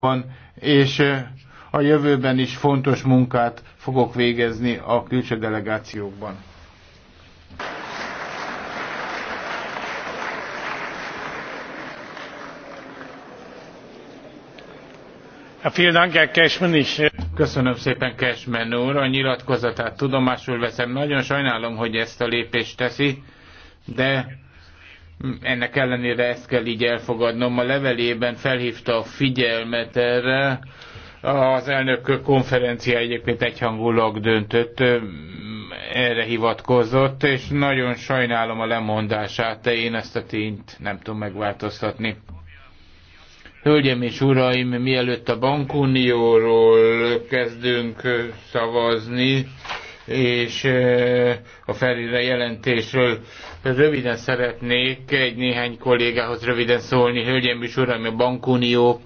van, és a jövőben is fontos munkát fogok végezni a külső delegációkban. Äh, Köszönöm szépen Cashman úr, a nyilatkozatát tudomásul veszem. Nagyon sajnálom, hogy ezt a lépést teszi, de ennek ellenére ezt kell így elfogadnom. A levelében felhívta a figyelmet erre. Az elnök konferencia egyébként egyhangulag döntött, erre hivatkozott, és nagyon sajnálom a lemondását, de én ezt a tényt nem tudom megváltoztatni. Hölgyeim és uraim, mielőtt a bankunióról kezdünk szavazni, és a felire jelentésről. Röviden szeretnék egy néhány kollégához röviden szólni. Hölgyeim és Uram, a Bankunió,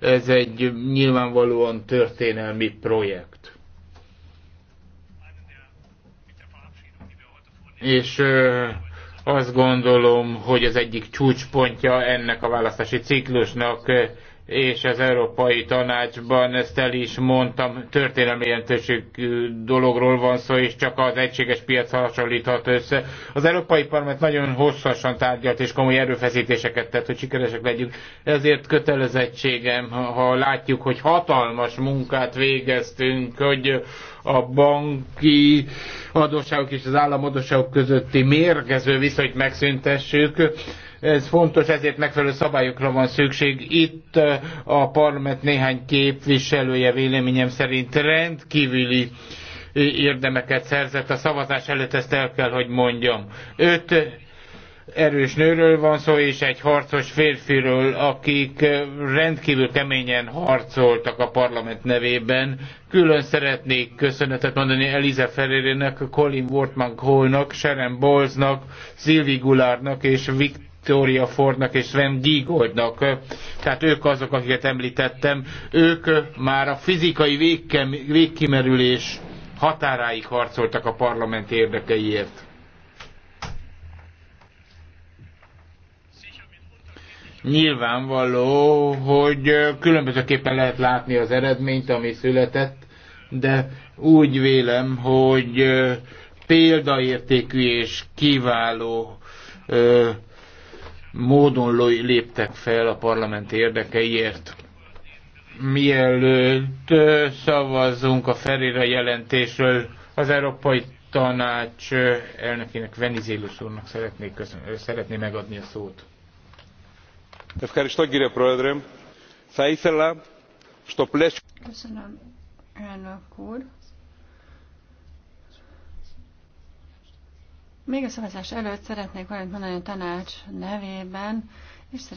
ez egy nyilvánvalóan történelmi projekt. És azt gondolom, hogy az egyik csúcspontja ennek a választási ciklusnak és az Európai Tanácsban, ezt el is mondtam, történelmi jelentőségű dologról van szó, és csak az egységes piac hasonlíthat össze. Az Európai Parlament nagyon hosszasan tárgyalt és komoly erőfeszítéseket tett, hogy sikeresek legyünk. Ezért kötelezettségem, ha látjuk, hogy hatalmas munkát végeztünk, hogy a banki adósságok és az államadóságok közötti mérgező viszonyt megszüntessük, ez fontos, ezért megfelelő szabályokra van szükség. Itt a parlament néhány képviselője véleményem szerint rendkívüli érdemeket szerzett. A szavazás előtt ezt el kell, hogy mondjam. Öt erős nőről van szó, és egy harcos férfiről, akik rendkívül keményen harcoltak a parlament nevében. Külön szeretnék köszönetet mondani Eliza Ferrerének, Colin Wortman Hallnak, Sharon Bowlesnak, Sylvie Gulárnak és Victor Victoria Fordnak és Sven Giegoldnak, tehát ők azok, akiket említettem, ők már a fizikai végkem, végkimerülés határáig harcoltak a parlament érdekeiért. Nyilvánvaló, hogy különbözőképpen lehet látni az eredményt, ami született, de úgy vélem, hogy példaértékű és kiváló módon léptek fel a parlament érdekeiért. Mielőtt szavazzunk a Ferira jelentésről, az Európai Tanács elnökének Venizélus úrnak szeretnék, szeretné megadni a szót. Köszönöm, elnök úr. Még a szavazás előtt szeretnék valamit mondani a tanács nevében, és szeretném